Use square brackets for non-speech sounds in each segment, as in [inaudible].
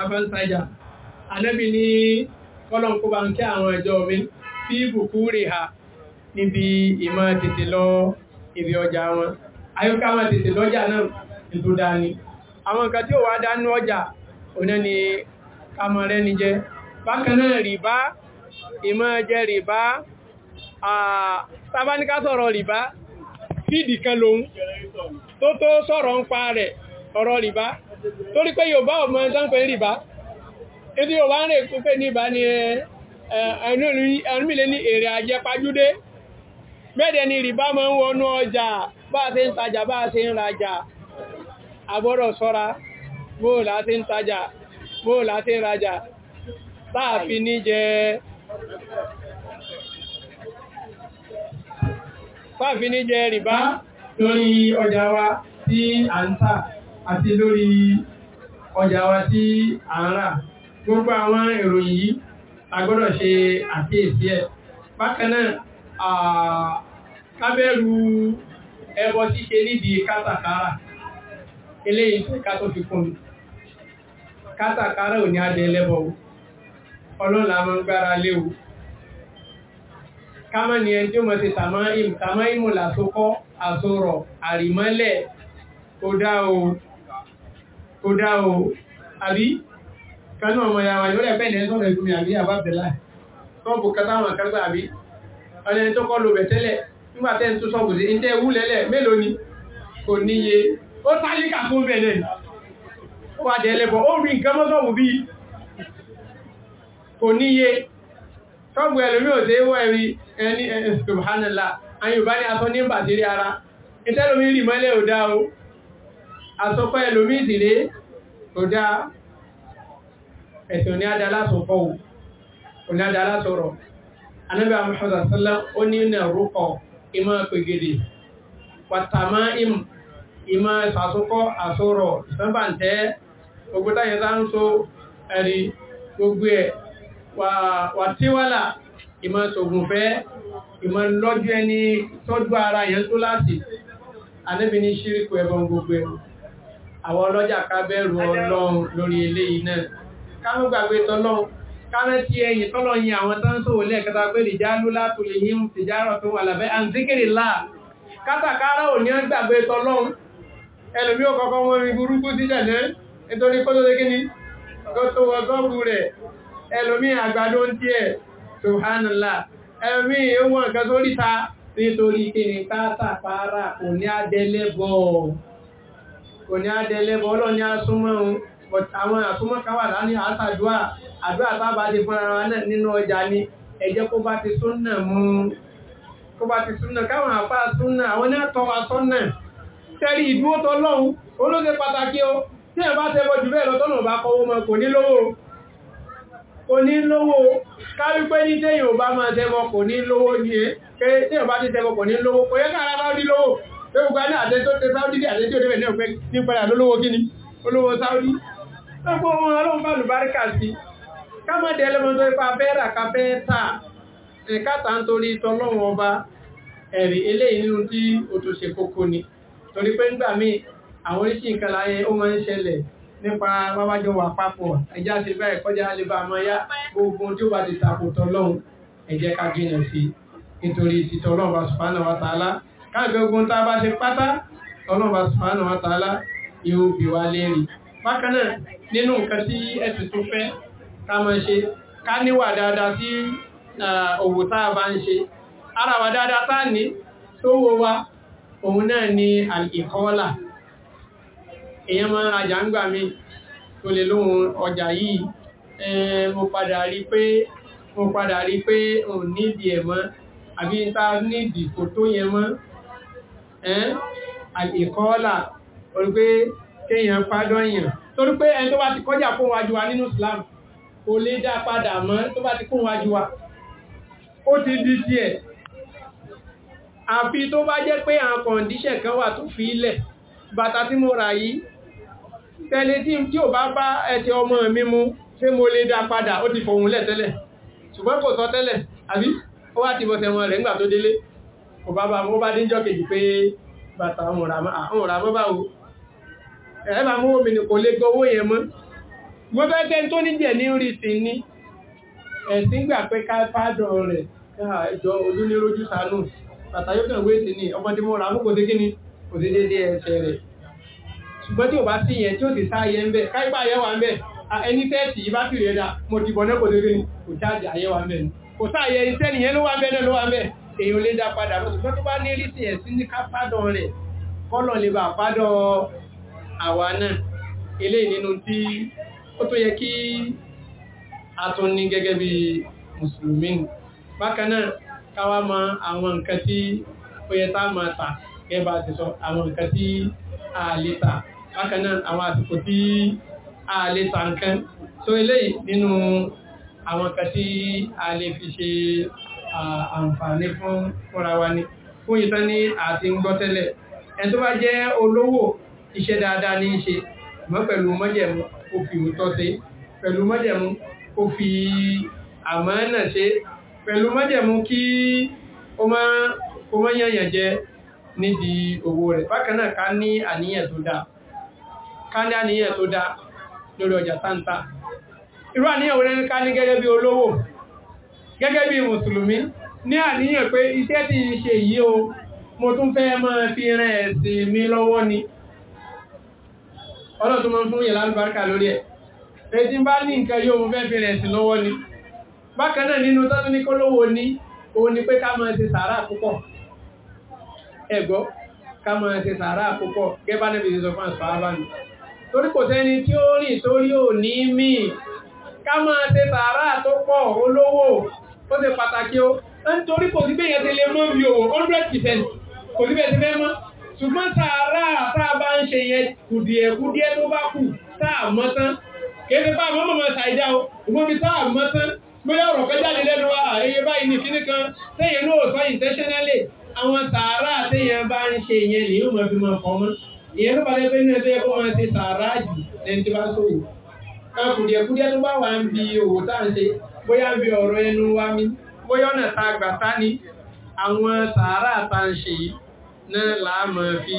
afẹ́nsájà anẹ́bì ní kọ́lọ̀kúbà ń kí àwọn ẹjọ́ mi fi bùkú rè ha níbi ìmọ̀ tètè lọ èrè ọjà wọn ayọ́ká wọn tètè lọ́jà náà ètò dání àwọn nǹkan tí ó wá dánú ọjà oná ni kamọ̀rẹ́ ni jẹ bákan náà rìbá ìmọ̀ jẹ rìbá sábáníká sọ̀rọ̀ rìbá fídì kan lòun tó tó sọ̀rọ̀ ń pa rẹ̀ ọ̀rọ̀ rìbá torí pé Yorùbá ọmọ ẹni tó ń pè Yorùbá ń rè pé ní ìbá aje ẹnumílẹ̀ ní èrè àjẹpajúdé mẹ́ẹ̀dẹ̀ ni rìbá máa ń wọnú ọjà bá a ṣe ń tajà bá a ṣe ń rajà àgbọ́dọ̀ ṣọ́ra bóòlá ṣe ń tajà bóòlá ṣe ń ní àti lórí ọjà wa tí à ń rà gbogbo àwọn ìròyìn yìí a gbọ́dọ̀ ṣe àkíyèsí ẹ̀ bákan náà kábẹ́rù ẹbọ ṣíṣe nídìí kátàkárà eléyìí tí ká tó fi kún kátàkárà ò ní adẹ lẹ́bọ̀ ọlọ́la mọ́ gbára léwu kámọ́ ni ẹni tí ó mọ́ sí tàmáìmù tàmáìmù làsókọ́ àsọ̀rọ̀ àrìmọ́lẹ̀ ó dá o kò dá o àbí kanu ọmọ ya wà lórí ẹ̀fẹ́ ìlẹ́ sọ́nà àbí àbábẹ̀lá sọ́ọ̀bù katáwọn àkágbà àbí tó kọ́ lo bẹ̀tẹ́lẹ̀ nígbàtẹ́ tó sọ́ọ̀bù sí wúlẹ̀lẹ̀ mélòó ni kò níye ó bẹ̀rẹ̀ ó wà ó rí nǹkan mọ́ sọ́ọ̀bù bí kò níye sọ́ọ̀bù ẹlòmí ò sí wọ́ ẹ̀rí ẹni ayùbá ni ní asọ́pọ̀ ẹlòmí ìsìrí tó dá ẹ̀sìn oníadá lásọ̀pọ̀ oníadá lásọ̀rọ̀ anábẹ́ àmúhàzà sálá ó ní ìnà rúkọ ìmọ̀ pẹ̀gẹ̀dẹ̀ pàtàmá im ìmọ̀ sàsọ́kọ́ àsọ̀rọ̀ ìsànbàntẹ́ ogbótáyẹ sáńsó ẹ̀rí gbogbo ẹ̀ wà tíwálà ìmọ̀ sògùnfẹ́ ìmọ̀ lọ́jọ́ ẹni tọ́jú ara yẹn àwọn ọlọ́jà ká bẹ̀rù ọlọ́run lórí eléyìí náà ká ló gbàgbé tọ́lọ́run kára tí ẹyìn tọ́lọ yin àwọn tán tó wọlé ẹ̀kẹta pé lè já lúlá tó lè yín ti járọ̀ tó wà lábẹ́ àǹtíkìrì láà kátàkárá ò ní ọ́n gbàgbé tọ́lọ́un ẹlòmí ò kọ́kọ́ wọ́n rí burúkú sí jẹ̀lẹ́ nítorí kó tó lékíní kó tó wọ gọ́ọ̀bù rẹ̀ ẹlòmí àgbàdo ń tiẹ̀ subhanallah ẹlòmí kò ní adẹ́lẹ́bọ̀ ọlọ́ni asúnmọ́ ohun but àwọn àsúnmọ́ kan wà láni àṣàdúà àdúà tábà ti fún ara náà nínú ọjà ni ẹ jẹ́ kó bá ti súnnà mú kó bá ti súnnà káwọn àpá súnnà àwọn náà tọ́ wa sọ́nà tẹ́rí ìdúró o tí ẹ bá tẹ́bọ̀ jù bẹ́ẹ̀ lọ́tọ́nà bá kọwọ́ mọ́ kò ní lówó kò ní lówó kárí pé ní tẹ́yìn ò bá máa tẹ́bọ̀ kò ní lówó ní ẹ́ kẹ́rẹ́ tẹ́yìn bá ti tẹ́bọ̀ kò ní lówó kò yẹ káàrá bá rí lówó pé gbogbo àná àti tó tẹ sáúdí dé àti tí ó débẹ̀ ní òpin ní padà lólówó kíní olówó sáúdí lọ́pọ̀ wọn ọlọ́run bá lùbáríkà sí kámọ́dé ẹlẹ́mọ́tọ́ ipa fẹ́rà ká fẹ́ tà ẹ̀kátà ń torí tọlọ́run ọba ẹ̀rí eléyìí nínú ni torí pé nígbà míì àwọn oríṣi nǹkan láyé ó máa ń ṣẹlẹ̀ nípa bábájọ wà papọ̀ ẹjá ṣe káàkiri ogun tá bá ṣe pátá ọlọ́ọ̀bá sùfàánù àtàlá yóò bí wá lérí bákanáà nínú nǹkan tí ẹ̀sì tó fẹ́ ká máa ṣe ká níwà dáadáa sí òwò tá bá ń ṣe ara wa dáadáa tá ní tó ni al-ikọ́ọ́là èèyàn máa rajà ń gbà mí tó lè lóhun ọjà yìí mo padà rí pé àbí ta nídìí kò tó yẹn mọ́ àìkọ́ọ́là orí pé kéèyàn pádọ́yàn torí pé ẹni tó bá ti kọjá fún wájú wa nínú Islam kò lè dá padà mọ́ tó bá ti kún wájú wa ó ti di ti ẹ̀ àfi tó bá jẹ́ pé àwọn kọ̀ǹdíṣẹ̀ kan wà tó fi ilẹ̀ bàtà tí mo rà yìí tẹ́lẹ̀ tí ò bá bá ẹ̀tẹ́ ọmọ mi mú ṣé mo lè dá padà ó ti fọ̀hùn lẹ̀ tẹ́lẹ̀ ṣùgbọ́n kò sọ tẹ́lẹ̀ àbí ó wá ti bọ̀sẹ̀ wọn rẹ̀ ńgbà tó délé kò bá bá mú bá díjọ́ kejì pé bàtà àwọn òràmọ́ báwo ẹ̀ẹ́bà mú omi nìkò lè gbọ́ owó yẹn mọ́ mo fẹ́ kẹ́ tó ní jẹ̀ ní rí sí ní ẹ̀sìn gbà pé ká pàdọ̀ rẹ̀ káàjọ ojú ní rojú sánú bàtà yóò kẹ̀wé sí ní mo rà mú kò sí kíní kò sí dédé ẹsẹ̀ rẹ̀ ṣùgbọ́n tí ò bá sí yẹn tí ó sì sáyẹ ń bẹ̀ káyípa àyẹ̀wà ń bẹ̀ ẹni tẹ́ẹ̀tì yìí bá sì rẹ̀ dà mo ti bọ̀ ní kò sí kíní kò sí àyẹ̀wà ń bẹ̀ kò iṣẹ́ nìyẹn ló wà ń bẹ̀ náà ń bẹ̀ èyàn lè dá padà lọ ṣùgbọ́n tó bá ní rí tìyẹ̀ sí ní ká pádàn rẹ̀ kọ́lọ̀ lè bà pádàn àwa náà ilé nínú tí ó tó yẹ kí a tún ní gẹ́gẹ́ bí mùsùlùmí bákan náà mọ àwọn nǹkan tí ó yẹ tá máa tà gẹ́bà ti sọ àwọn nǹkan tí a lè tà bákan àwọn àsìkò tí a lè tà nǹkan so eléyìí nínú àwọn nǹkan tí a lè fi ṣe àǹfààní fún fúnra wa ni fún ìtàn ní àti ń gbọ́ tẹ́lẹ̀ ẹni tó bá jẹ́ olówó iṣẹ́ dáadáa ní í ṣe mọ́ pẹ̀lú mọ́jẹ̀mú ó fi òótọ́ ṣe pẹ̀lú mọ́jẹ̀mú ó fi àmánà ṣe pẹ̀lú mọ́jẹ̀mú kí ó má yànyàn jẹ nídìí owó rẹ̀ bákan náà ká ní àníyàn tó dáa ká ní àníyàn tó dáa lórí ọjà táǹtà irú àníyàn wo lẹ́nu ká ní gẹ́gẹ́ bí olówó gẹ́gẹ́ bí mùsùlùmí ní àníyàn pé iṣẹ́ tí ń ṣe yìí o mo tún fẹ́ máa fi rán ẹ̀sìn mi lọ́wọ́ ni ọlọ́tún máa fún yẹ̀ lálùbáríkà lórí ẹ̀ ètí bá ní nǹkan yóò mo fẹ́ fi rán ẹ̀sìn lọ́wọ́ ni bákan náà nínú tọ́tún ní kólówó ní òun ni pé ká máa ṣe sàárà púpọ̀ ẹ̀gbọ́ ká máa ṣe sàárà púpọ̀ gẹ́bá níbi ìṣẹ́ sọ fún àṣọ àbánu torí kò sẹ́ni tí ó rìn torí ò ní míì ká máa ṣe sàárà tó pọ̀ olówó ó ṣe pàtàkì o nítorí kò sí bẹ́yẹn ti lè mọ́ bí o hundred percent kò sí bẹ́ẹ̀ ti fẹ́ mọ́ ṣùgbọ́n sàárà tá a bá ń ṣe yẹn kùdìẹ̀kùdìẹ̀ tó bá kù tá a mọ́ tán kì í ṣe bá àmọ́ mọ̀ ṣàìdá o ìwọ́n mi tá a mọ́ tán gbọ́dọ̀ ọ̀rọ̀ kan jáde lẹ́nu wa àríyé báyìí ní kíní kan tẹ́yìn náà sọ intentionally àwọn sàárà tẹ́yìn bá ń ṣe ìyẹn lè yóò máa fi máa fọmọ́ ìyẹn ló balẹ̀ pé ní ẹgbẹ́ kó máa ṣe sàárà jù lẹ́ni tí bá sóyè káàkùdìẹ̀kùdìẹ̀ tó bá wà ń bi òwò tá à ń ṣe bóyá bí ọ̀rọ̀ ẹnu wa mi bóyá ọ̀nà ta gbàtá ni àwọn tààrà ta ń ṣe náà láàmọ̀ fi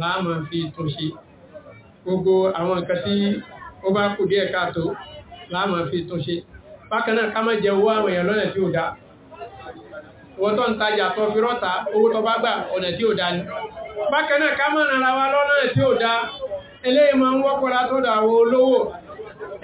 láàmọ̀ fi tún ṣe gbogbo àwọn nǹkan tí ó bá kù díẹ̀ káàtó láàmọ̀ fi tún ṣe bákan náà ká má jẹ owó àwọn èèyàn lọ́nà tí ó dá wọ́n tó ń tajà tó fi rọ́ta owó tó bá gbà ọ̀nà tí ó dá ní bákan náà ká má ràn ra wa lọ́nà tí ó dá eléyìí máa ń wọ́pọ̀ látọ́dọ̀ àwọn olówó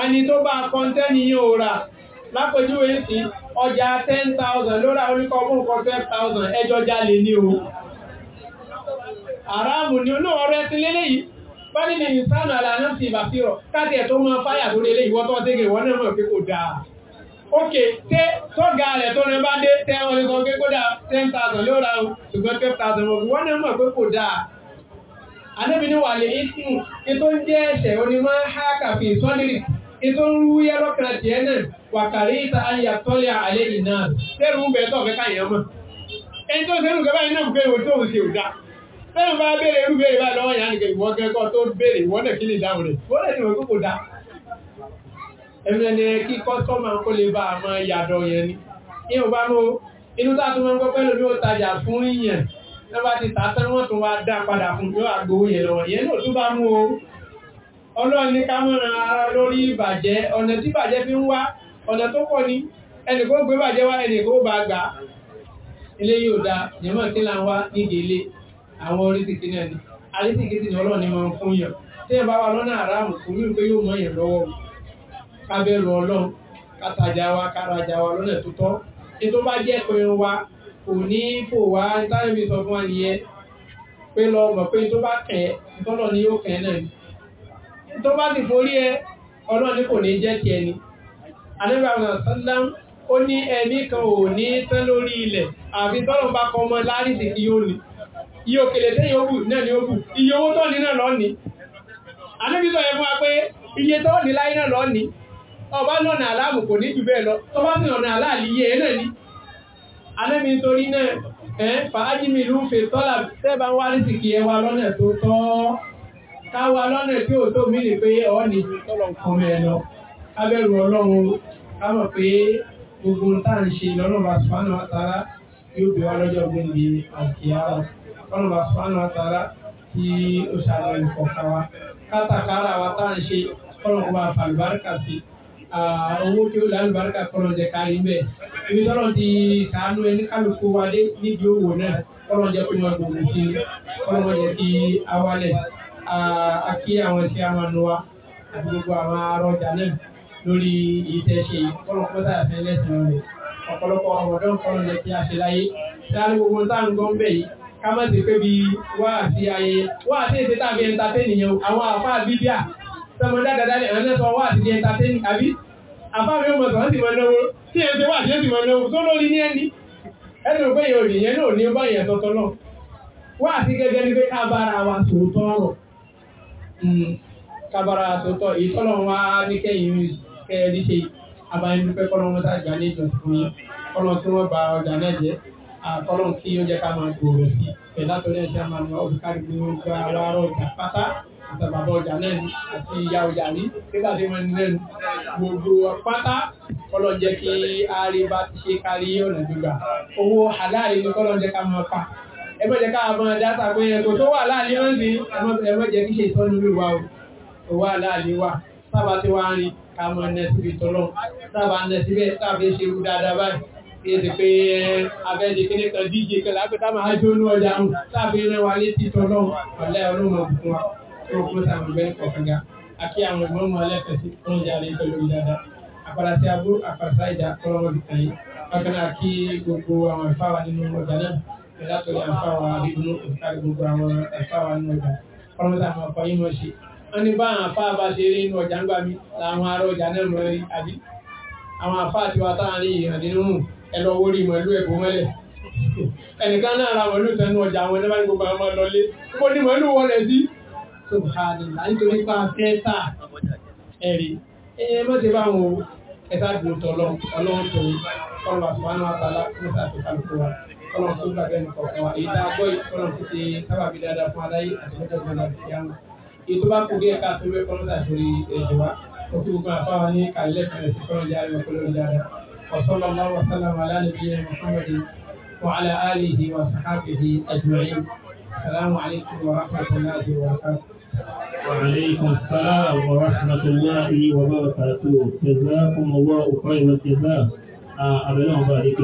ẹni tó bá kọ́ntẹ́ ni yóò rà lápẹjúwe sí ọjà 10,000 lórí oríkọ ọmọkọ nkwọ ẹjọ́ jalè ní o ni olóò yìí bá àlànà sí tó máa fáyà tó tẹ́gẹ̀ náà mọ̀ pé kò dáa sọ pé kó dáa 10,000 lóra o ṣùgbọ́n 12,000 wọ́n náà mọ̀ pé kò dáa anábìnrin wà lè ìsìn kí tó ń jẹ́ ẹ̀ṣẹ̀ onímọ̀ ètò ń wú yẹ́ lọ́kàn tí ẹ náà wàkàrí ìta ayà tọ́lẹ̀ àlẹ́ ìná tẹ́rù ń bẹ̀ẹ́ tọ́ọ̀fẹ́ káyẹ̀ mọ́ ẹni tó sẹ́rù gẹ́bà iná gbé ìwò tó ń ṣe òdá tẹ́rù bá bèèrè irú bèèrè bá yà tó kí dáhùn lè ní ìwọ̀n kókò dá ni kí kọ́sọ́mà kó lè yẹn ni bá inú tá máa ń ọlọ́run ní ká mọ́ra ara lórí ìbàjẹ́ ọ̀nà tí bàjẹ́ fi ń wá ọ̀nà tó pọ̀ ní ẹnìkó gbé bàjẹ́ wá ẹnìkó bá gbà ilé yóò dá tí là ń wá nídìí ilé àwọn orísìkí náà ni ọlọ́run ní máa ń fún yàn tí bá wà lọ́nà ní pé yóò wa ká wa lọ́nà tó tọ́ tí tó bá jẹ́ tó bá forí ẹ ọ̀nà kò ní jẹ́ ti ẹni anẹ́bàmọ̀ sálám ó ní ẹni kan ò ní tán lórí ilẹ̀ àfi tọ́lọ̀ bá kọ ọmọ láàrísì kí yóò ní iye òkèlè tẹ́ yóò bù iye owó náà lọ́ni fún wa pé iye láyé náà lọ́ni iye náà ni náà ẹ̀ fàájì mi fè tọ́lá tẹ́ rí kí ẹ wa lọ́nà tó tọ́ káwa lọ́nà tí ó tó mí ní pé ọ́ ní tọ́lọ̀ kan mẹ́ lọ kábẹ̀rù ọlọ́run kámọ̀ pé gbogbo tá à ń ṣe lọ́nà subhanahu wa ta'ala yóò bí wá lọ́jọ́ gbòǹde àkíyàrá lọ́nà subhanahu wa ta'ala tí ó ṣàlọ́ ìfọ̀kàn wa kátàkárà wa tá à ń ṣe kọ́lọ̀ wa fàlùbáríkà sí owó tí ó lálùbáríkà kọ́lọ̀ jẹ kárí bẹ́ẹ̀ ibi tọ́lọ̀ ti sàánú ẹni kálukú wa dé níbi owó náà kọ́lọ̀ jẹ́ kó mọ gbòǹde sí kọ́lọ̀ jẹ́ kí awalẹ̀ akí àwọn tí a máa nu wa àti gbogbo àwọn arọjà náà lórí ìtẹ̀ṣe kọ́lọ́kọ́ sàfẹ́ lẹ́sìn rẹ̀ ọ̀pọ̀lọpọ̀ ọmọdún kọ́lọ́ jẹ́ kí a ṣe láyé sáré gbogbo tá ń gbọ́n bẹ̀ yìí ká má ti pé bí wá àti ayẹyẹ wá àti èsì tàbí ẹntatẹ́nìyàn àwọn àfá bídíà sọmọ dáadáa lẹ̀ ẹ̀rẹ́ sọ wá àti di ẹntatẹ́nì àbí àfá mi ò mọ̀ sọ̀rọ̀ sì mọ̀ náwó tí ẹ̀ ṣe wá àti ẹ̀sì mọ̀ náwó tó lórí ní ẹni ẹ̀sùn pé yóò nìyẹn náà ní báyẹn tọ́tọ́ náà wá àti gẹ́gẹ́ ní pé ká bára wa sòótọ́ ọ̀rọ̀ Hmm. kábàárà tòótọ́ èyí tọ́lọ̀ wá ní kẹ́yìn kẹ́ẹ̀rí ṣe àbáyé dúpẹ́ kọ́lọ́ wọn sáà gbà ní ìjọsìn yẹn kọ́lọ́ tí wọ́n ba ọjà náà jẹ́ àkọ́lọ́ kí ó jẹ́ ká máa gbòòrò sí ẹ̀ látọ̀rí ẹ̀ṣẹ́ àmà ní ọdún kárí gbogbo aláàárọ̀ ọjà pátá àtàbàbà ọjà náà ni àti ìyá ọjà ní nígbà tí wọ́n ń lẹ́nu gbogbo pátá kọ́lọ́ jẹ́ kí àríwá ti ṣe kárí ọ̀nà gbígbà owó àdáàrí ni kọ́lọ́ jẹ́ ká máa pa ẹgbẹ́jẹ káàbọn dáta pé ẹgbẹ́ tó wà láàrin wọ́n sí ẹgbẹ́jẹ kí ṣe ìtọ́nú ló wà ó wà láàrin wà sábà tí wà ń rí kàmọ́ ẹ̀nẹ́ síbi tọ́lọ́ sábà ẹ̀nẹ́ síbẹ̀ sábà ṣe rú dáadáa báyìí kí ẹ ti pé abẹ́jẹ kéde kan díje kan lápẹ́ tá máa jó ní ọjà ń sábà ẹ̀rẹ́ wa létí tọ́lọ́ ọ̀lẹ́ ọlọ́mọ fún wa tó kún abúrú àfàràsá ìjà ọlọ́mọ bìkan yìí kí gbogbo àwọn ìfáwà nínú ọjà náà látọ̀dọ̀ àfáwà ibùdó òkútàrí gbogbo àwọn àfáwà nínú ọjà ọlọ́mọta àwọn ọ̀pọ̀ yìí mọ̀ ṣe wọ́n ní bá àwọn àfáà bá ṣe rí inú ọjà ń gbà mí làwọn ará ọjà náà mọ̀ rí àbí àwọn àfáà ti wá táwọn ní ìhàn nínú ẹlọ owó rí mọ̀lú ẹ̀bùn mọ́lẹ̀ [laughs] ẹnìkan náà ra mọ̀lú tẹnu ọjà àwọn ẹlẹ́bàá ní gbogbo àwọn lọlé ó ní mọ̀lú wọlé sí subhanallah nítorí pa fẹ́ta ẹ̀rí ẹ̀yẹ mọ́tẹ́ bá wọn ẹ̀sà dùn tọ̀lọ́ ọlọ́run tó ọlọ́run àti wọn náà tààlà mọ́tà àti kálukú wa kọ́lọ́n tó gbàgbé ẹnu kọ̀ọ̀kan wa èyí tá a gbọ́ yìí kọ́lọ́n tó ṣe sábàbí dáadáa fún aláyé àti lọ́jọ́ gbọ́dọ̀ àti kíámà èyí tó bá kú díẹ̀ ká tó bẹ́ẹ̀ kọ́lọ́n sàṣorí ẹ̀jẹ̀ wa ó kí gbogbo àfa wa ní kàlẹ́ fẹ̀rẹ̀ sí kọ́lọ́n jáde wọn kọ́lọ́n jáde wasallallahu wasallam ala nabiyyi muhammadin wa ala alihi wa sahbihi ajma'in assalamu alaikum wa rahmatullahi wa barakatuh وعليكم السلام ورحمة الله وبركاته جزاكم الله خير الجزاء أبنهم بارك